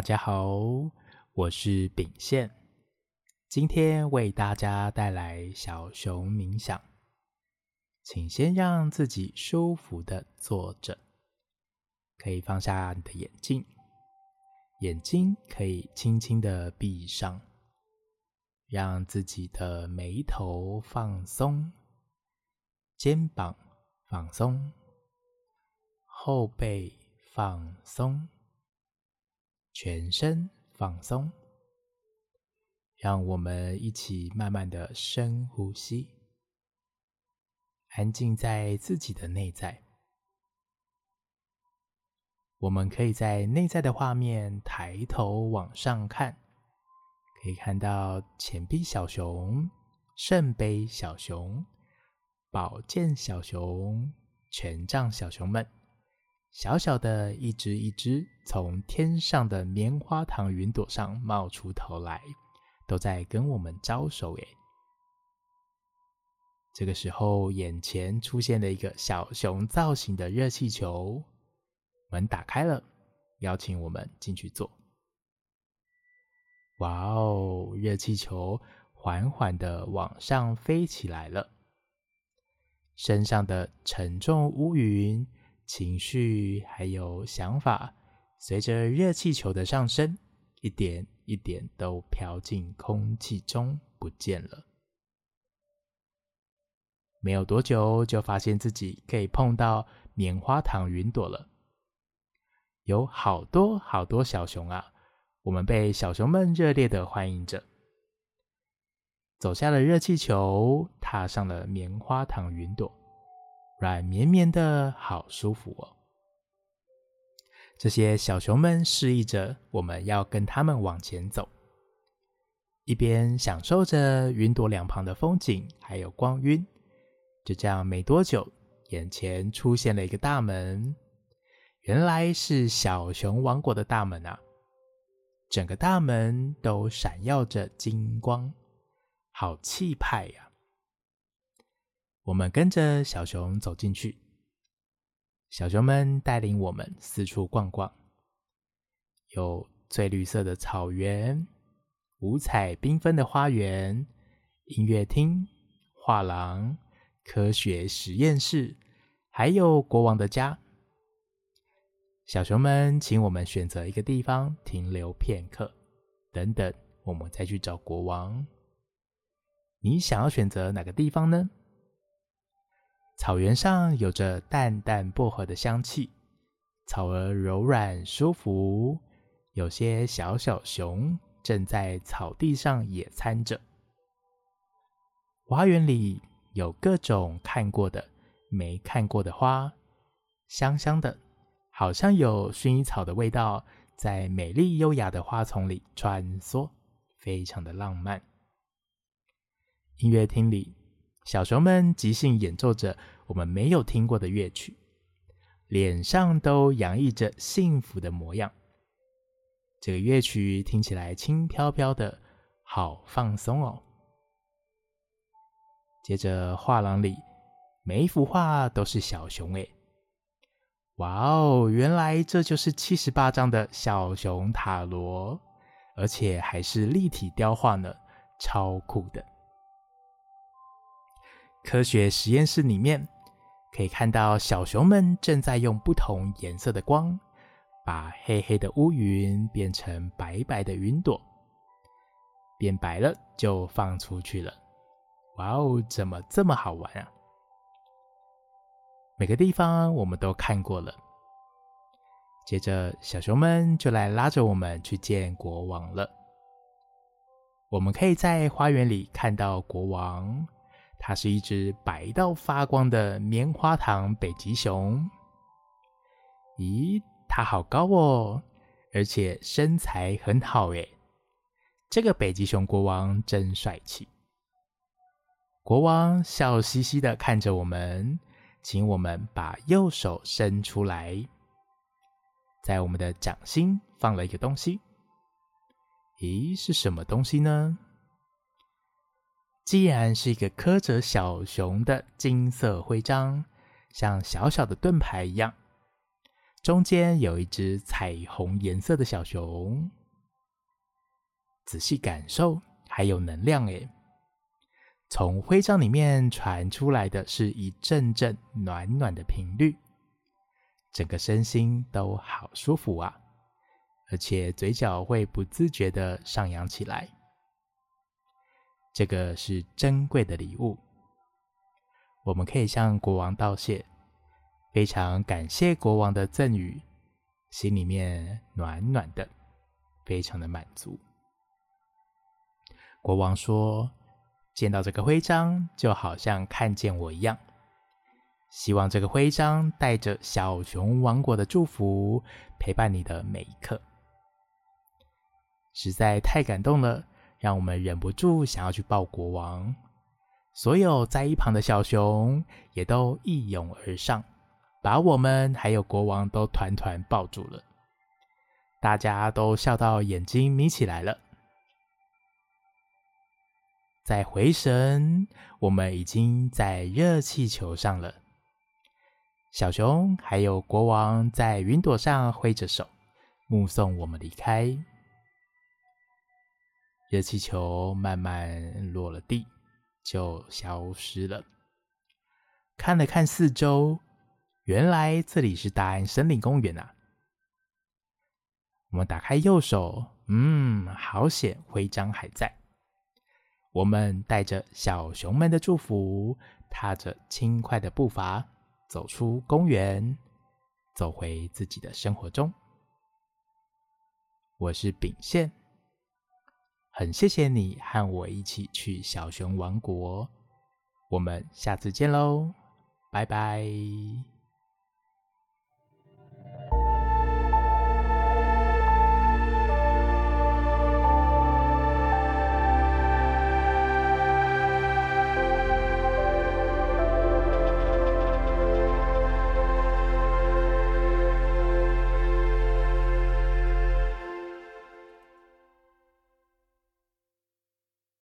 大家好，我是秉憲，今天為大家帶來小熊冥想，請先讓自己舒服的坐着，可以放下你的眼鏡，眼睛可以輕輕的閉上，讓自己的眉頭放鬆，肩膀放鬆，後背放鬆。全身放鬆，讓我們一起慢慢的深呼吸，安靜在自己的內在。我們可以在內在的畫面抬頭往上看，可以看到錢幣小熊、聖杯小熊、寶劍小熊、權杖小熊們。小小的一隻一隻，從天上的棉花糖雲朵上冒出頭來，都在跟我們招手耶。這個時候，眼前出現了一個小熊造型的熱氣球，門打開了，邀請我們進去坐。哇哦，熱氣球緩緩地往上飛起來了，身上的沉重烏雲。情緒還有想法，隨着熱氣球的上升，一點一點都飄進空氣中不見了。沒有多久就發現自己可以碰到棉花糖雲朵了。有好多好多小熊啊，我們被小熊們熱烈的歡迎着。走下了熱氣球，踏上了棉花糖雲朵。軟綿綿的，好舒服哦！這些小熊們示意着我們要跟他們往前走，一邊享受着雲朵兩旁的風景，還有光暈。就這樣，沒多久，眼前出現了一個大門，原來是小熊王國的大門啊！整個大門都閃耀着金光，好氣派呀、啊！我們跟着小熊走進去，小熊們帶領我們四處逛逛，有翠綠色的草原、五彩繽紛的花園、音樂廳、畫廊、科學實驗室，還有國王的家。小熊們請我們選擇一個地方停留片刻，等等，我們再去找國王。你想要選擇哪個地方呢？草原上有着淡淡薄荷的香氣，草兒柔軟舒服，有些小小熊正在草地上野餐着。花園裡有各種看過的、沒看過的花，香香的，好像有薰衣草的味道，在美麗優雅的花叢裡穿梭，非常的浪漫。音樂廳裡，小熊們即興演奏着我們沒有聽過的樂曲，臉上都洋溢着幸福的模樣。這個樂曲聽起來輕飄飄的，好放鬆哦。接着，畫廊裡每一幅畫都是小熊誒、欸。哇哦！原來這就是七十八張的小熊塔羅，而且還是立體雕畫呢，超酷的。科學實驗室裡面可以看到小熊們正在用不同顏色的光，把黑黑的烏雲變成白白的雲朵。變白了就放出去了。哇哦，怎麼這麼好玩啊？每個地方我們都看過了。接着，小熊們就來拉着我們去見國王了。我們可以在花園裡看到國王。它是一只白到發光的棉花糖北極熊。咦，它好高哦，而且身材很好耶。這個北極熊國王真帥氣。國王笑嘻嘻地看着我們，請我們把右手伸出來。在我們的掌心放了一個東西。咦，是什麼東西呢？既然是一個刻着小熊的金色徽章，像小小的盾牌一樣，中間有一隻彩虹顏色的小熊。仔細感受，還有能量誒。從徽章裡面傳出來的是一陣陣暖暖的頻率，整個身心都好舒服啊，而且嘴角會不自覺地上揚起來。這個是珍貴的禮物，我們可以向國王道謝，非常感謝國王的贈予，心裡面暖暖的，非常的滿足。國王說：“見到這個徽章，就好像看見我一樣，希望這個徽章帶着小熊王國的祝福，陪伴你的每一刻。”實在太感動了。讓我們忍不住想要去抱國王，所有在一旁的小熊也都一擁而上，把我們還有國王都團團抱住了。大家都笑到眼睛眯起來了。再回神，我們已經在熱氣球上了。小熊還有國王在雲朵上揮着手，目送我們離開。熱氣球慢慢落了地，就消失了。看了看四周，原來這裡是大安森林公園啊！我們打開右手，嗯，好險，徽章還在。我們帶着小熊們的祝福，踏着輕快的步伐，走出公園，走回自己的生活中。我是秉憲。很謝謝你和我一起去小熊王國，我們下次見嘍，拜拜。